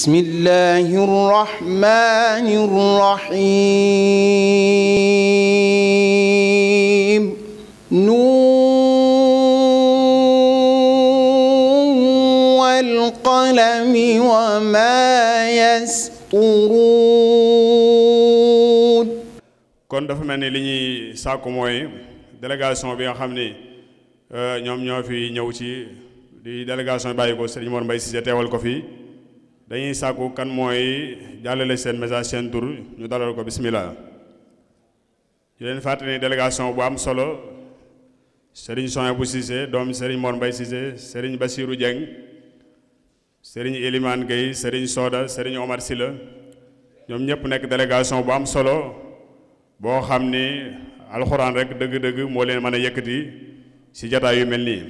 بسم الله الرحمن الرحيم نون والقلم وما يسطرون kon dafa mel ni li ñuy sàkku mooy délégation bi nga xam ni euh, ñoom ñoo fi ñëw ci di délégation bàyyi ko Serigne Mor Mbaye Cissé teewal ko fii dañuy sàkku kan mooy jàllale seen mesage seen tur ñu dalal ko bismillah ñu leen fàttali ne délégation bu am solo Serigne Souhaïbou Cissé doom Serigne Mor Mbaye Cissé Serigne Bassirou Dieng Serigne Elimane Gueye Serigne Soda Serigne Omar Silla ñoom ñëpp nekk délégation bu am solo boo xam ni alxuraan rek dëgg-dëgg moo leen mën a yëkkati si jataay yu mel nii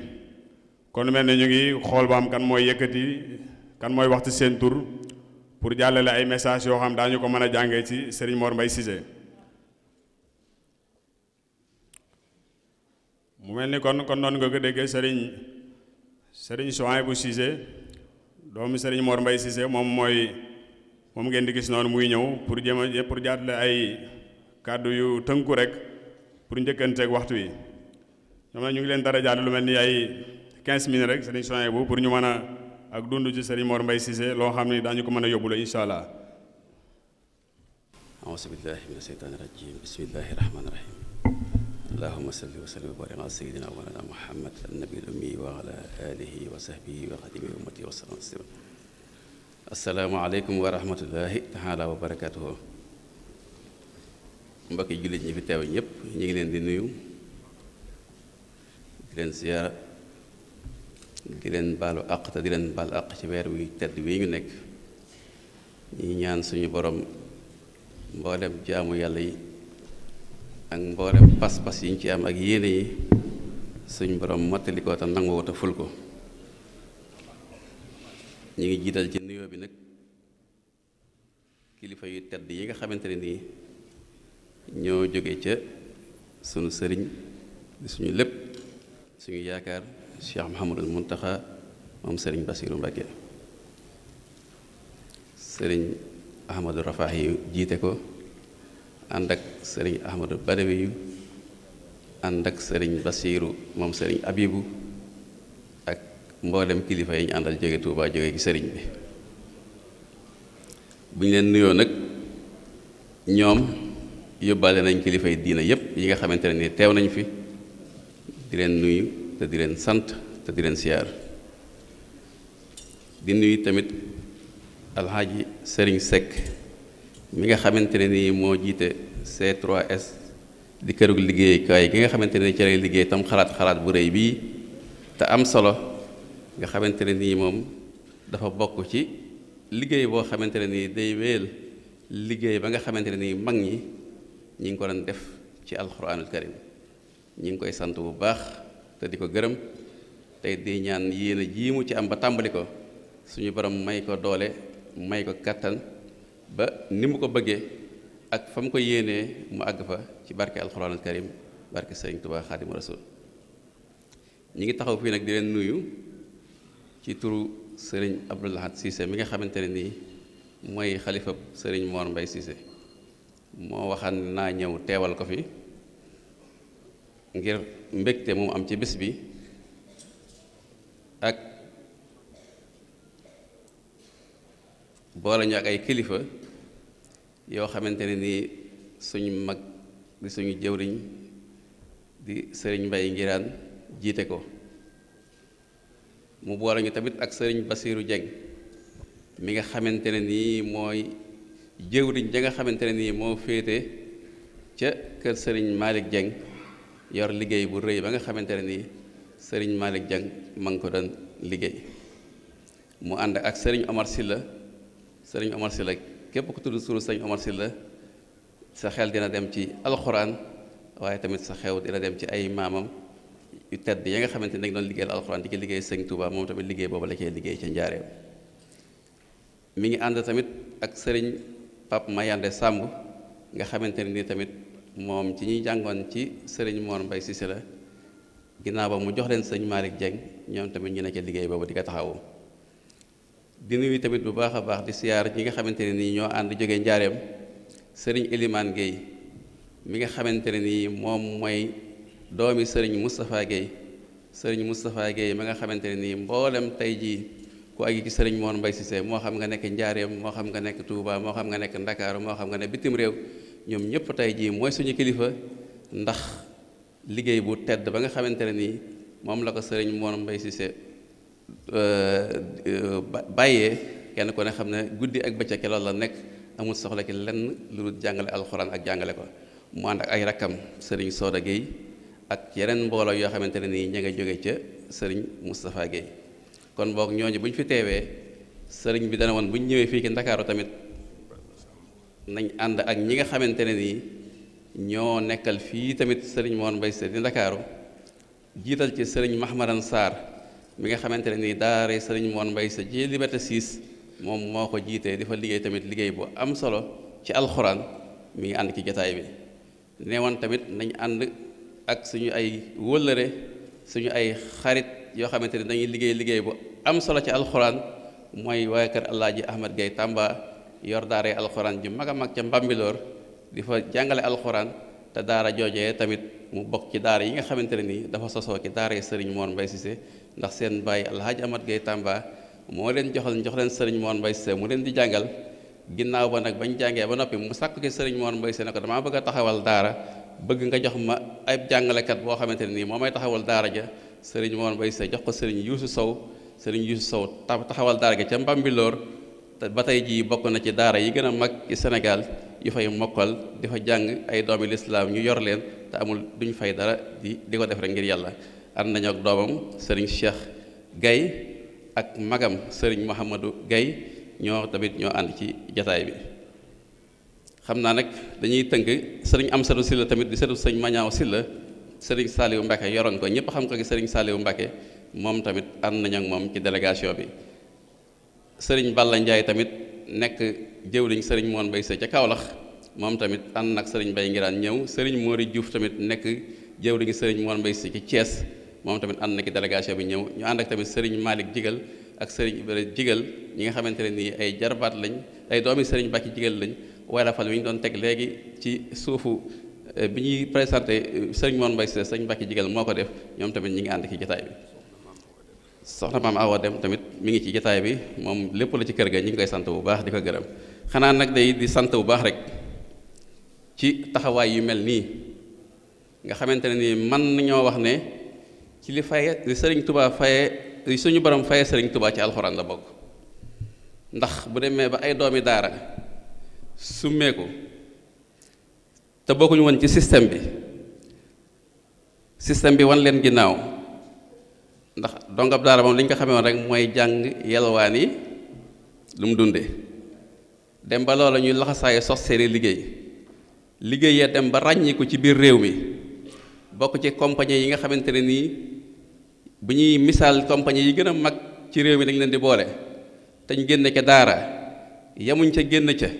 kon mel ne ñu ngi xool ba am kan mooy yëkkati. kan mooy wax ci seen tur pour jàllale ay message yoo xam daañu ko mën a jàngee ci Serigne Mor Mbaye mu mel ni kon kon noonu nga ko déggee Serigne Serigne bu Cissé doomu Serigne Mor Mbaye Cissé moom mooy moom ngeen di gis noonu muy ñëw pour jéem a pour jàllale ay kàddu yu tënku rek pour njëkkanteeg waxtu yi ñoom na ñu ngi leen dara jàll lu mel ni ay 15 minutes rek Serigne Souhaïbou pour ñu mën a. ak dund ci sëriñ Mor Mbaye loo xam ne daañu ko mën a yóbbu la incha allah. a billaahi mina sheytaani rajiim bismillaahi rahmaani rahiim allahumma salli wa sallim wa barik aleykum wa rahmatullahi taala mbokki jullit ñi fi teew ñëpp ñu ngi leen di nuyu di leen ziyaara di leen baalu àq di leen baal àq ci weer wi tedd wi ñu nekk ñi ñaan suñu borom mboolem jaamu yàlla yi ak mboolem pas-pas yi ñu ci am ak yéene yi suñu borom mottali ko te nangoo te ful ko ñu ngi jiital ci nuyoo bi nag kilifa yu tedd yi nga xamante ne nii ñoo jóge ca sunu sëriñ suñu lépp suñu yaakaar Cheikh Mouhamadul taxa moom sëriñ Basiru Mbàkke sëriñ Ahmadou Rafaax yu jiite ko ànd ak sëriñ Ahmadou Badawi yu ànd ak sëriñ Basiru moom sëriñ Abibu ak mboolem kilifa yi ñu àndal jóge Tuubaa jóge ci sëriñ bi bu ñu leen nuyoo nag ñoom yóbbaale nañ kilifay diina yépp yi nga xamante ne ni teew nañu fi di leen nuyu te di leen sant te di leen siyaar di nuyu tamit alxaaji Serigne Seck mi nga xamante ne nii moo jiite C3S di kërug liggéeykaay gi nga xamante ne cere liggéey tam xalaat xalaat bu rëy bii te am solo nga xamante ne nii moom dafa bokk ci liggéey boo xamante ne nii day wéel liggéey ba nga xamante ne nii mag ñi ñi ngi ko doon def ci alxuraanul karim ñi ngi koy sant bu baax te di ko gërëm tey di ñaan yéen a jii mu ci am ba tàmbali ko suñu baram may ko doole may ko kàttan ba ni mu ko bëggee ak fa mu ko yéenee mu àgg fa ci barke alxuraan al karim barke sëriñ Tuubaa xaadimu rasul ñi ngi taxaw fii nag di leen nuyu ci turu sëriñ Abdou Lahad Cissé mi nga xamante ne nii mooy xalifa sëriñ Mor mbay Cissé moo waxaan naa ñëw teewal ko fi ngir mbégte moom am ci bés bi ak boole ñu ak ay kilifa yoo xamante ne nii suñu mag di suñu jëwriñ di sëriñ mbay ngiraan jiite ko mu boole ñu tamit ak sëriñ basiiru jeng mi nga xamante ne nii mooy jëwriñ ja nga xamante ne nii moo féete ca kër sëriñ maalik jeng yor liggéey bu rëy ba nga xamante ne nii sëriñ Malick Dieng ma ngi ko doon liggéey mu ànd ak sëriñ Omar Sylla sëriñ Omar Sylla képp ku tudd suuru sëriñ Omar Sylla sa xel dina dem ci alxuraan waaye tamit sa xew dina dem ci ay maamam yu tedd ya nga xamante ne dañ doon liggéeyal alxuraan di ko liggéey sëriñ Touba moom tamit liggéey boobu la cay liggéey ca njaareem mi ngi ànd tamit ak sëriñ Pape Mayande Samb nga xamante ne nii tamit moom ci ñuy jàngoon ci sëriñ Mor Mbay Cissé la ginnaaw ba mu jox leen sëñ Malick Dieng ñoom tamit ñu ne ca liggéey boobu di ko taxawu di nuyu tamit bu baax a baax di siyaar ñi nga xamante ne nii ñoo ànd jóge njaareem sëriñ Elimane Guèye mi nga xamante ne nii moom mooy doomi sëriñ Moustapha Guèye sëriñ Moustapha Guèye mi nga xamante ne nii mboolem tey jii ku aju ci sëriñ Mor Mbay Cissé moo xam nga nekk njaareem moo xam nga nekk Touba moo xam nga nekk Ndakaaru moo xam nga ne bitim réew ñoom ñëpp tey jii mooy suñu kilifa ndax liggéey bu tedd ba nga xamante ne nii moom la ko sëriñ Mor Mbaye Cissé euh, euh, bàyyee kenn ku ne xam ne guddi ak bëccëg loolu la nekk amul soxla ki lenn lu dul jàngale alxuraan ak jàngale ko mu ànd ak ay rakkam sëriñ Soda Guèye ak yeneen mbooloo yoo xamante ne nii ña nga jóge ca sëriñ Moustapha Guèye kon boog ñooñu bu ñu fi teewee sëriñ bi dana woon bu ñu ñëwee fii ki Ndakaaru tamit nañ ànd ak ñi nga xamante ne nii ñoo nekkal fii tamit sëriñ Moon Mbay Sëri Ndakaaru jiital ci sëriñ Mahmadan Sarr mi nga xamante ne nii daara sëriñ Moon Mbay Sëri ci Liberté 6 moom moo ko jiitee di fa liggéey tamit liggéey bu am solo ci alxuraan mi ngi ànd ci jataay bi neewoon tamit nañ ànd ak suñu ay wëllëre suñu ay xarit yoo xamante ne dañuy liggéey liggéey bu am solo ci alxuraan mooy waa kër Alaaji Ahmad Gay Tamba yor daara alxuraan ji mag a mag ca Mbambilor di fa jàngale alxuraan te daara joojee tamit mu bokk ci daara yi nga xamante ne nii dafa sosoo ci daara sëriñ Mor Mbaye Cissé ndax seen bàyyi alhaaj Amat Gay Tamba moo leen joxal jox leen sëriñ Mor mbay Cissé mu leen di jàngal ginnaaw ba nag jàngee ba noppi mu sàkk ci sëriñ Mor mbay Cissé ne ko bëgg a taxawal daara bëgg nga jox ma ay jàngalekat boo xamante ne nii moo may taxawal daara ja sëriñ Mor Mbaye Cissé jox ko sëriñ Yuusu Sow sëriñ Yuusu Sow taxawal daara ja ca Mbambilor te ba tey jii bokk na ci daara yi gën a mag ci Sénégal yu fay mokkal di fa jàng ay doomi lislaam ñu yor leen te amul duñ fay dara di di ko def rek ngir yàlla ànd nañu ak doomam sëriñ Cheikh gay ak magam sëriñ Mouhamadou gay ñoo tamit ñoo ànd ci jataay bi xam naa nag dañuy tënk sëriñ Amsatu Silla tamit di setu sëñ Mañaaw Silla sëriñ Saaliwu Mbàkke yoroon ko ñëpp xam ko gi sëriñ Saaliwu Mbàkke moom tamit ànd nañu ak moom ci délégation bi sëriñ Balla Ndiaye tamit nekk jëwriñ sëriñ Moon Bay Sey ca Kaolack moom tamit ànd ak sëriñ Bay Ngiraan ñëw sëriñ Mori Diouf tamit nekk jëwriñ sëriñ Moon Bay Sey ci Thiès moom tamit ànd na ki bi ñëw ñu ànd ak tamit sëriñ Malick Jigal ak sëriñ Ibrahima Jigal ñi nga xamante ne nii ay jarbaat lañ ay doomi sëriñ Bakki Jigal lañ waaye fal wi ñu doon teg léegi ci suufu eh, bi ñuy présenté eh, sëriñ Moon Bay Sey sëriñ Bakki Jigal moo ko def ñoom tamit ñu ngi ànd ki jotaay bi soxna maam awoo dem tamit mu ngi ci jataay bi moom lépp la ci kër ga ñu ngi koy sant bu baax di ko gërëm xanaa nag day di sant bu baax rek ci taxawaay yu mel nii nga xamante ne nii man nañoo wax ne ci li faye li sëriñ tubaa faye suñu borom faye sëriñ tubaa ci alxuraan la bokk ndax bu demee ba ay doomi daara summeeku te bokkuñu woon ci système bi système bi wan leen ginnaaw ndax dongab daara moom li ñu ko xamee woon rek mooy jàng yalwaan yi lu mu dunde dem ba loola ñuy laxasaayu sos seeni liggéey liggéey ya dem ba ràññi ci biir réew mi bokk ci compagnie yi nga xamante ne nii bu ñuy misaal compagnie yi gën a mag ci réew mi dañ leen di boole te ñu génn ca daara yemuñ ca génn ca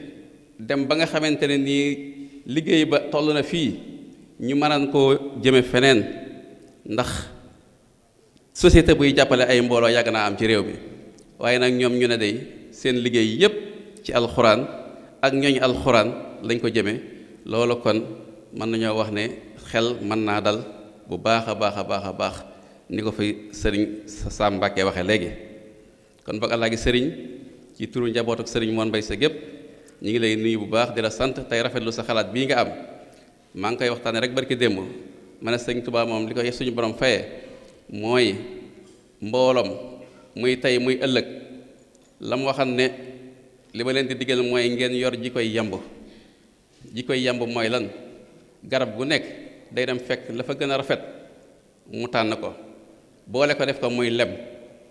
dem ba nga xamante ne nii liggéey ba toll na fii ñu mënaan koo jëme feneen ndax société buy jàppale ay mbooloo yàgg naa am ci réew mi waaye nag ñoom ñu ne day seen liggéey yépp ci alxuraan ak ñooñ alxuraan lañ ko jëme loolu kon mën nañoo wax ne xel mën naa dal bu baax a baax a baax a baax ni ko fi sëriñ sa Sam Mbàkke waxe léegi kon boog àllaa gi sëriñ ci turu njaboot ak sëriñ moon mbay sa gépp ñu ngi lay nuyu bu baax di la sant tey rafetlu sa xalaat bii nga am maa ngi koy waxtaane rek barki démb ma ne sëriñ Tuubaa moom li ko suñu borom fayee mooy mbooloom muy tey muy ëllëg la mu waxan ne li ma leen di digal mooy ngeen yor ji koy yamb ji koy yamb mooy lan garab gu nekk day dem fekk la fa gën a rafet mu tànn ko boole ko def ko muy lem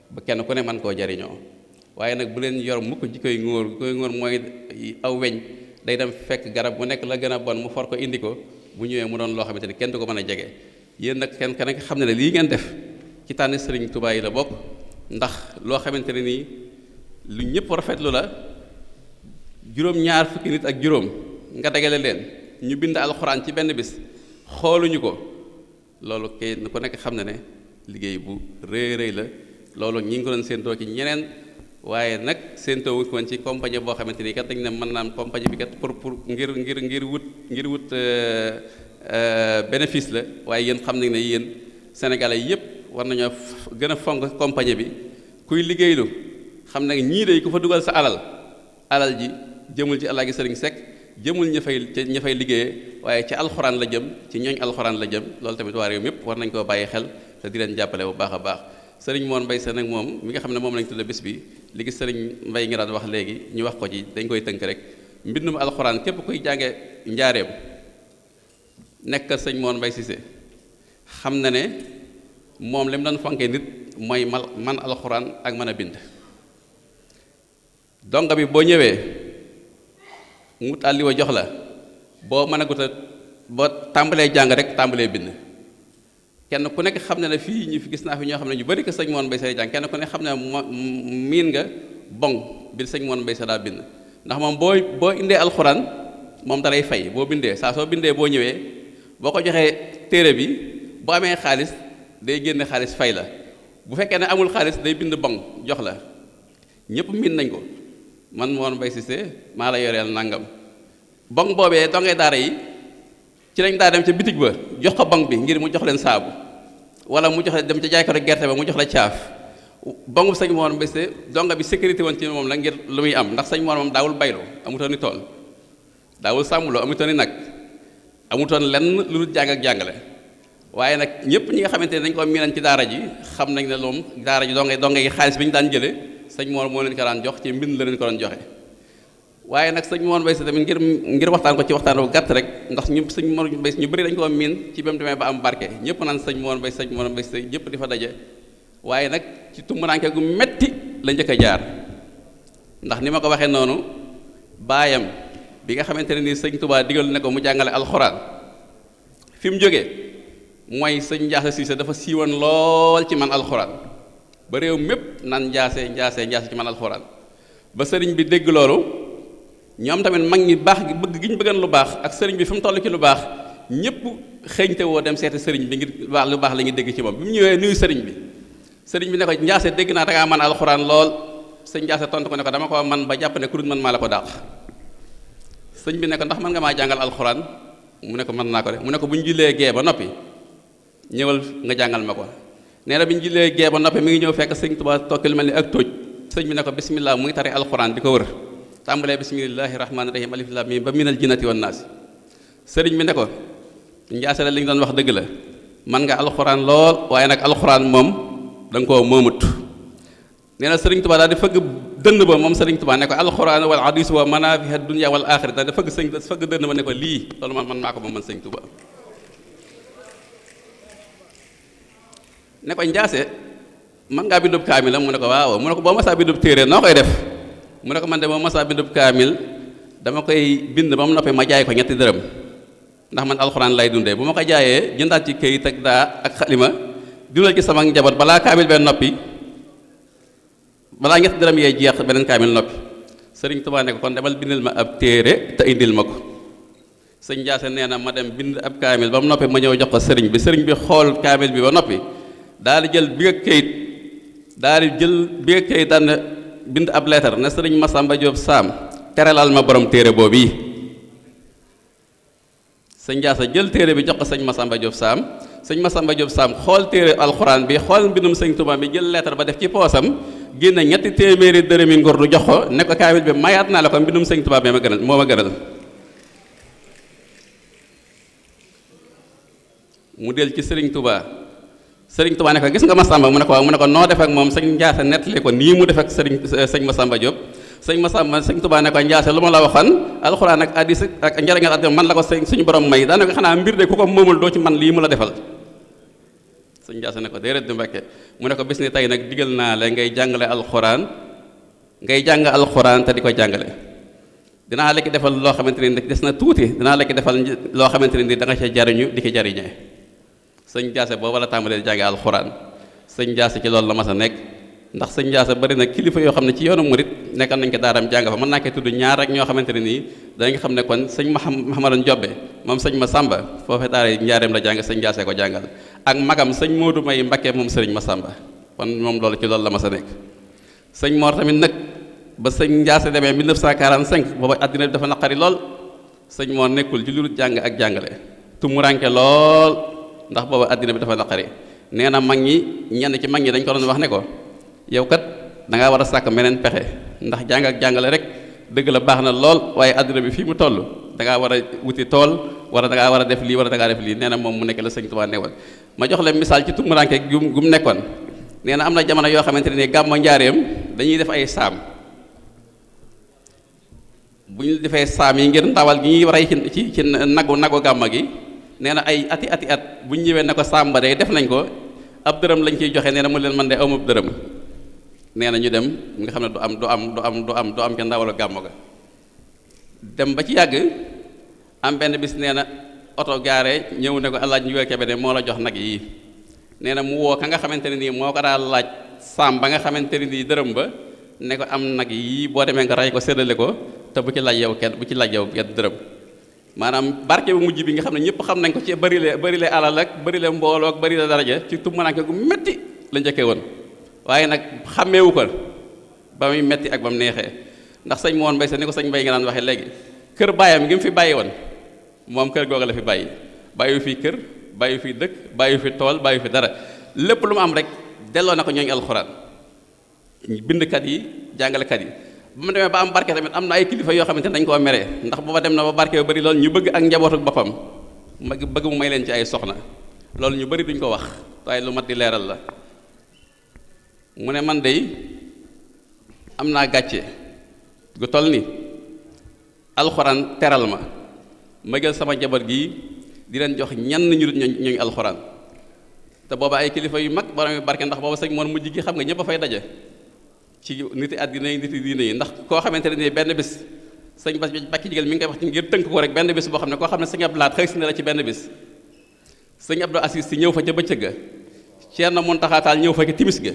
ba kenn ku ne mën koo jariñoo waaye nag bu leen yor mukk ji koy ngóor ji koy ngóor mooy aw weñ day dem fekk garab gu nekk la gën a bon mu for ko indi ko bu ñëwee mu doon loo xamante ni kenn du ko mën a jege yéen nag kenn kenn xam ne lii ngeen def ci tànn sëriñ Tuubaa yi la bokk ndax loo xamante ne nii lu ñëpp rafetlu la juróom-ñaar fukki nit ak juróom nga dagale leen ñu bind alxuraan ci benn bis xooluñu ko loolu kay nu ko nekk xam na ne liggéey bu rëy rëy la loolu ñu ngi ko doon séentoo ci ñeneen waaye nag séentoo wuñ ko ci compagnie boo xamante ni kat dañ ne mën naan compagnie bi kat pour pour ngir ngir ngir wut ngir wut euh, euh, bénéfice la waaye yéen xam nañ ne yéen sénégalais yépp war nañoo gën a fonk compagnie bi kuy liggéeylu xam ne ñii day ku fa dugal sa alal alal ji jëmul ci alaaji sëriñ Seck jëmul ña fay ña fay liggéeyee waaye ci alxuraan la jëm ci ñooñ alxuraan la jëm loolu tamit waa réew mi yëpp war nañ koo bàyyi xel te di leen jàppale bu baax a baax sëriñ Mor mbay Sène nag moom mi nga xam ne moom lañ tudde bés bi li gis mbay Mbaye nga daan wax léegi ñu wax ko ci dañ koy tënk rek mbindum alxuraan képp kuy jànge njaareem nekk sëñ Mor Mbaye Cissé na ne moom li mu doon fonkee nit mooy man alxuraan ak man a bind donga bi boo ñëwee mu tàlli wa jox la boo mën a guta boo tàmbalee jàng rek tàmbalee bind kenn ku nekk xam ne ne fii ñu fi gis naa fi ñoo xam ne ñu bari ko sëñ moon bay sa jàng kenn ku nekk xam ne miin nga boŋ bi sëñ moon bay sa daa bind ndax moom boo indee alxuraan moom dalay fay boo bindee saa soo bindee boo ñëwee boo ko joxee téere bi boo amee xaalis day génne xaalis fay la bu fekkee ne amul xaalis day bind bong jox la ñëpp miin nañ ko man Mor Mbaye Cissé maa la yoreel nangam bong boobee dongay daara yi ci nañ daa dem ca bitig ba jox ko bong bi ngir mu jox leen saabu wala mu jox leen dem ca jaaykatu gerte ba mu jox la caaf bongu sëñ Mor Mbaye Cissé donga bi sécurité woon ci moom la ngir lu muy am ndax sañ Mor moom daawul bayloo amutoon ni tool daawul sàmmloo amutoon ni nag amutoon lenn lu dul jàng ak jàngale waaye nag ñëpp ñi nga xamante ne dañ ko miinan ci daara ji xam nañ ne loom daara ji donge donge yi xaalis bi ñu daan jële sëñ moor moo leen ko daan jox ci mbind la leen ko daan joxe waaye nag sëñ moor mbay si tamit ngir ngir waxtaan ko ci waxtaan bu gàtt rek ndax ñu sëñ moor mbay si ñu bëri dañ ko miin ci ba mu demee ba am barke ñëpp naan sëñ moor mbay sëñ moor mbay si ñëpp di fa daje waaye nag ci tumburanke gu metti la njëkk a jaar ndax ni ma ko waxee noonu baayam bi nga xamante ne nii sëñ Tuubaa digal na ko mu jàngale alxuraan fi mu jógee mooy sëñ njaase siise dafa siiwoon lool ci man alxuraan ba réew mépp naan njaase njaase njaase ci man alxuraan ba sëriñ bi dégg loolu ñoom tamit mag ñi baax gi bëgg gi ñu bëggan lu baax ak sëriñ bi fi mu toll ci lu baax ñëpp xëñte woo dem seeti sëriñ bi ngir baax lu baax la ñuy dégg ci moom bi mu ñëwee nuyu sëriñ bi sëriñ bi ne ko njaase dégg naa da ngaa man alxuraan lool sëñ njaase tontu ko ne dama ko man ba jàpp ne ku dul man maa la ko dàq sëñ bi ne ndax mën nga maa jàngal alxuraan mu nekk ko mën naa ko de mu ne ko bu ñu jullee ba noppi ñëwal nga jàngal ma ko nee na bi ñu jullee gee ba noppi mi ngi ñëw fekk sëñ Tuubaa tokk lu mel ni ak tóoj sëñ bi ne ko bismillah muy tari alxuraan di ko wër tàmbalee bismillahi rahmaani rahim alif lam mim ba minal jinnati wan naas sëriñ bi ne ko njaasale li nga doon wax dëgg la man nga alxuraan lool waaye nag alxuraan moom da koo moomut nee na sëriñ Tuubaa daal di fëgg dënn ba moom sëriñ Tuubaa ne ko alxuraan wal hadis wa ko lii loolu man man maa ko moom ne ko njaase man ngaa bindub kaamil mu ne ko waaw mu ne ko boo masaa bindub téere noo koy def mu ne ko man de boo masaa bindub kaamil dama koy bind ba mu ma jaay ko ñetti dërëm ndax man alxuraan lay dundee bu ma ko jaayee jëndaat ci këyit ak daa ak xalima sama njaboot balaa kaamil benn noppi balaa ñetti dërëm yee jeex beneen kaamil noppi sëriñ Tuubaa ne ko demal bindil ma ab téere te indil ma ko sëñ Njaase nee na ma dem bind ab kaamil ba mu noppi ma ñëw jox ko sëriñ bi sëriñ bi xool kaamil bi ba noppi daal di jël bi kayit daal di jël bi ak kayit bind ab leetar ne sëriñ Masamba Diop Saam teralal ma borom téere boobu yi sëñ Jaasa jël téere bi jox ko sëñ Masamba Diop Saam sëñ Masamba Diop Saam xool téere alxuraan bi xool mbindum sëñ Tuubaa bi jël leetar ba def ci poosam génne ñetti téeméeri dërëmi nguur du jox ko ne ko kaamil bi mayaat naa la mbindum sëñ Tuubaa bi ma gënal moo ma gënal mu del ci sëriñ tubaa sëriñ Tuubaa ne ko gis nga Masamba mu ne ko waaw mu ne ko noo def ak moom sëñ Njaase nettali ko nii mu def ak sëriñ eh, sëñ Masamba Diop sëñ Masamba sëñ Tuubaa ne ko Njaase lu ma la waxoon alxuraan ak hadiis ak njëriñal àddina man la ko sëñ suñu borom may daanaka xanaa mbir de ku ko moomul doo ci man lii mu la sëñ Njaase ne ko déedéet du mu ne ko bis ni tey nag digal naa la ngay jàngale alxuraan ngay jàng alxuraan te di ko jàngale dinaa la defal loo xamante ne des na tuuti dinaa la defal loo xamante ne da nga ca jariñu di ki jariñee sëñ jaase booba la tàmbalee jànge alxuraan sëñ jaase ci loolu la mas a nekk ndax sëñ jaase bari kilifa yoo xam ne ci yoonu murit nekkal nañ ko daaram jàng fa mën naa koy tudd ñaar rek ñoo xamante ne nii danga xam ne kon sëñ Mahamadan Jobbe moom sëñ ma sàmba foofe daara njaareem la jàng sëñ jaase ko jàngal ak magam sëñ Moodu May Mbakke moom sëriñ ma sàmba kon moom loolu ci loolu la ma a nekk sëñ moo tamit nag ba sëñ Ndiassé demee 1945 booba àddina bi dafa naqari lool sëñ Mor nekkul ci lu jàng ak jàngale. ndax booba àddina bi dafa naqari nee na mag ñi ñenn ci mag ñi dañ ko wax ne ko yow kat dangaa war a sàkk meneen pexe ndax jàng jàngale rek dëgg la baax na lool waaye àddina bi fii mu toll da ngaa war a wuti tool wala da ngaa war a def lii wala da ngaa def lii nee na moom mu nekk la sëñ Tuubaa newoon ma jox leen misaal ci tumuranke gu mu nekkoon nee na am na jamono yoo xamante ne gàmmo njaareem dañuy def ay saam bu ñu defee saam yi ngir ndawal gi ñuy ci ci nagu nagu gàmma gi nee na ay ati ati at bu ñëwee ne ko sàmba de def nañ ko ab dërëm lañ ciy joxe nee na mu leen man de amub dërëm nee na ñu dem nga xam ne du am du am du am du am du am ca ndawal gàmmo ga dem ba ci yàgg am benn bis nee na oto gaare ñëw ne ko alaaj ñu wekk ne moo la jox nag yi nee na mu woo ka nga xamante ne nii moo ko daal laaj sàmm ba nga xamante ne nii dërëm ba ne ko am nag yii boo demee nga rey ko séddale ko te bu ci laaj yow kenn bu ci laaj yow kenn dërëm maanaam barke bu mujj bi nga xam ne ñëpp xam nañ ko ci bari le bari le alal ak bari le mbooloo ak bari le daraja ci tumanaanke gu metti la njëkkee woon waaye nag xàmmeewu ko ba muy metti ak ba mu neexee ndax sëñ moon mbay sa ni ko sañ mbay nga naan waxee léegi kër baayam ngi fi bàyyi woon moom kër googa la fi bàyyi bàyyi fi kër bàyyi fi dëkk bàyyi fi tool bàyyi fi dara lépp lu mu am rek delloo na ko ñooñu alxuraan bindkat yi jàngalekat yi bu mu demee ba am barke tamit am na ay kilifa yoo xam xamante dañ koo mere ndax booba dem na ba barke ba bëri loolu ñu bëgg ak njabootuk boppam ma bëgg mu may leen ci ay soxna loolu ñu bëri duñ ko wax waaye lu mat di leeral la mu ne man dey am naa gàcce gu toll ni alxuraan teral ma ma jël sama di leen jox ñenn ñu dut ñooñu alxuraan te booba ay kilifa yu mag borom yu barke ndax booba sëñ moon mujj gi xam nga ñëpp fay daje ci niti àddina yi niti diine yi ndax koo xamante ne nii benn bis sañ bas bàkki jigéen mi ngi wax ci ngir tënk ko rek benn bis boo xam ne koo xam ne sëñ Abdou Lahad xëy si na la ci benn bis sëñ Abdou Aziz si ñëw fa ca bëccëg ga na Muntaxa Taal ñëw fa ca timis ga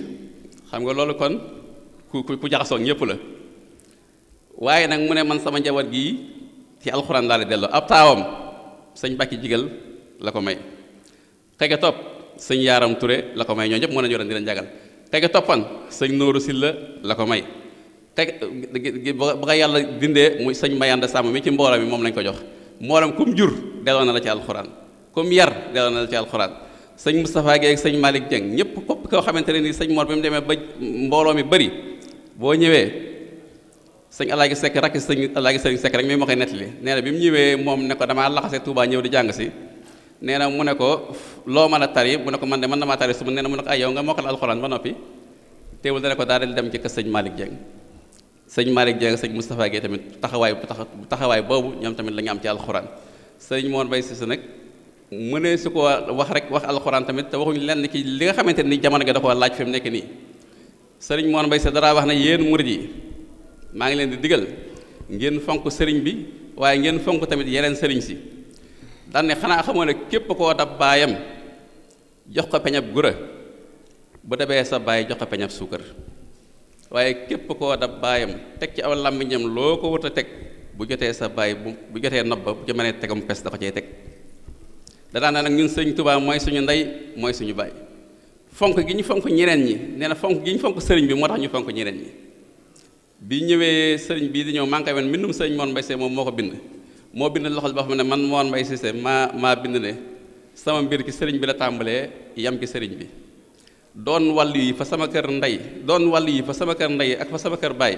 xam nga loolu kon ku ku jaxasoo ñëpp la waaye nag mu ne man sama njaboot gii ci alxuraan laa la delloo ab taawam sëñ bàkki jigal la ko may xëy topp sëñ Yaaram Touré la ko may ñoo ñëpp mën nañu ren di jagal tege toppan sëñ Nooru Silla la ko may teg ba ko yàlla dindee muy sëñ Mayanda Sàmm mi ci mbooloo mi moom lañ ko jox mboolam kum jur delloo na la ci alxuraan kum yar delloo na la ci alxuraan sëñ Moustapha Guèye sëñ Malick Dieng ñëpp kopp koo xamante ne nii sëñ Mor bi mu demee ba mbooloo mi bëri boo ñëwee sëñ Alaaji Sekk rakk sëñ Alaaji Sëriñ Sekk rek mi ma koy nettali nee bi mu ñëwee moom ne ko damaa laxase Touba ñëw di jàng si nee na mu ne ko loo mën a tari mu ne ko man de mën na maa tari su ma nee na mu ne ko ay ah, yow nga mokkal alxuraan ba noppi teewul dana ko daal di dem ci kër sëñ Malick Dieng sëñ Malick Dieng sëñ Moustapha Guèye tamit taxawaay bu taxawaay boobu ñoom tamit la am ci alxuraan sëñ Mor Mbaye Cissé nag mu ne su ko wax rek wax alxuraan tamit te waxuñu lenn ci li nga xamante ni jamono gi da koo laaj fi mu nekk nii sëriñ Mor bay Cissé dara wax ne yéen murid yi maa ngi leen di digal ngeen fonk sëriñ bi waaye ngeen fonk tamit yeneen sëriñ si daan ne xanaa xamoo ne képp koo dab baayam jox ko peñab gura bu dabee sa baay jox ko peñab suukar waaye képp koo dab baayam teg ci aw làmmiñam loo ko wut a teg bu jotee sa baay bu bu jotee nopp ba bu ci mënee tegam pes dafa ko cee teg danaa ne nag ñun sëñ Tuubaa mooy suñu ndey mooy suñu baay fonk gi ñu fonk ñeneen ñi nee na fonk gi ñu fonk sëriñ bi moo tax ñu fonk ñeneen ñi bi ñëwee sëriñ bii di ñëw maa ngi koy wan mbindum sëriñ moon mbay see moom moo ko bind moo bind loxol boo xam ne man moon mbay Cissé maa maa bind ne sama mbir ci sëriñ bi la tàmbalee yam ci sëriñ bi doon wàll yi fa sama kër ndey doon wàll yi fa sama kër ndey ak fa sama kër baay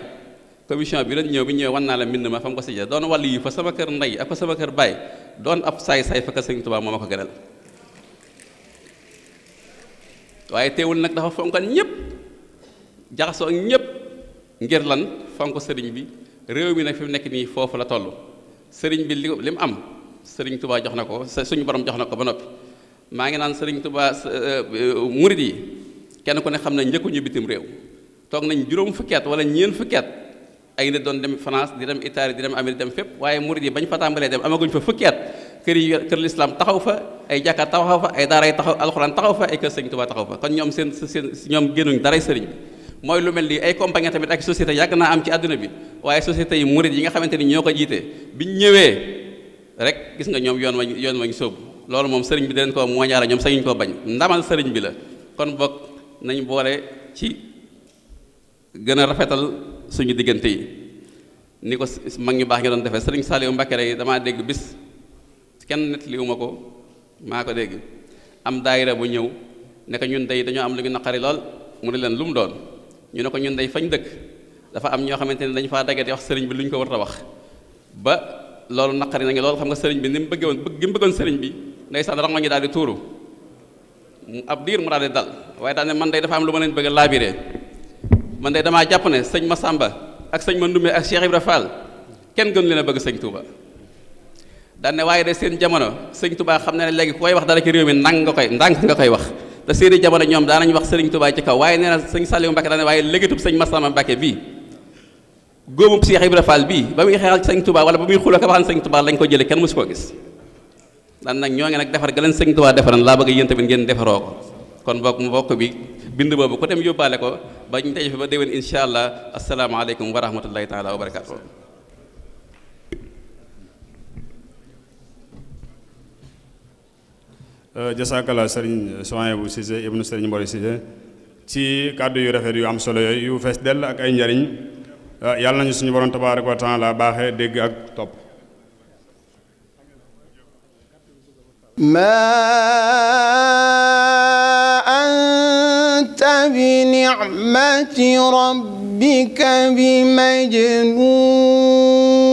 commission bi lañ ñëw bi ñëwee wan naa la mbind ma fa mu ko sija doon wàll yi fa sama kër ndey ak fa sama kër baay doon ab saay-saay fa ka sëriñ Tuubaa moo ma ko waaye teewul nag dafa fonkan ñëpp jaxasoo ñëpp ngir lan fonk sëriñ bi réew mi nag fi mu nekk nii foofu la toll sëriñ bi li li mu am sëriñ tubaa jox na ko suñu borom jox na ko ba noppi maa ngi naan sëriñ tubaa euh, euh, murid yi kenn ku ne xam ne ñu bitim réew toog nañ juróom fukki at wala ñeen fukkeet at ay nit doon dem France di dem Italie di dem Amérique dem fépp waaye murid yi bañ fa tàmbalee dem amaguñ fa fukki at kër yi kër lislaam taxaw fa ay jàkka taxaw fa ay daaray taxaw alxuraan taxaw fa ay kër sëriñ tubaa taxaw fa kon ñoom seen seen ñoom génnuñ daray sëriñ mooy lu mel ni ay compagnie tamit ak société yàgg naa am ci àdduna bi waaye société yi murit yi nga xamante ni ñoo ko jiite biñ ñëwee rek gis nga ñoom yoon wañ yoon wañ sóobu loolu moom sëriñ bi da leen koo mooñaale ñoom sañuñ koo bañ ndamal sëriñ bi la kon boog nañ boole ci gën a rafetal suñu diggante yi ni ko mag ñu baax ñu doon defee sëriñ Saliou Mbacké rek damaa dégg bis kenn nettaliwuma ko maa ko dégg am daayira bu ñëw ne ko ñun day dañoo am lu ñu naqari lool mu ne leen lu mu doon ñu ne ko ñun day fañ dëkk dafa am ñoo xamante ne dañu faa daggate wax sëriñ bi lu ñu ko war a wax ba loolu naqari nañu nga loolu xam nga sëriñ bi ni mu bëggee woon bëgg gi mu bëggoon sëriñ bi ndeysaan rango ñi daal di tuuru ab diir mu daal di dal waaye daal ne man day dafa lu ma bëgg a man day damaa jàpp ne sëñ ma sàmba ak sëñ ma ndumee ak Cheikh Ibra Fall kenn gënu leen bëgg sëñ Touba daal ne waaye de seen jamono sëñ Touba xam na ne léegi koy wax dala ci réew mi nang nga koy ndànk nga koy wax te seeni jamono ñoom daanañ wax sëriñ Touba ci kaw waaye nee na sëñ Saliou Mbacke daal ne waaye légatub ma sàmba Mbacke bii góomu Seex Ibra Faal bii ba muy xeexal sëñ Tuubaa wala ba muy xuloo ka waxaan sëñ Tuubaa lañ ko jëlee kenn mosu koo gis daan nag ñoo ngi nag defar ga leen sëñ Tuubaa defaran laa bëgg yéen tamit ngeen defaroo ko kon mbokk mbokk bi bind boobu ku dem yóbbaale ko ba ñu tey fi ba déwén insha allah asalaamaaleykum wa rahmatullahi taala wa barakaatu euh, jasaakala sëriñ Souhaïbou Cissé ibnu sëriñ Mbori Cissé ci kàddu yu rafet yu am solo yooyu yu fees dell Euh, yàlla nañu suñu borom tabaaraka wa taala baaxee dégg ak topp maa anta bi ni'mati rabbika bi majnuun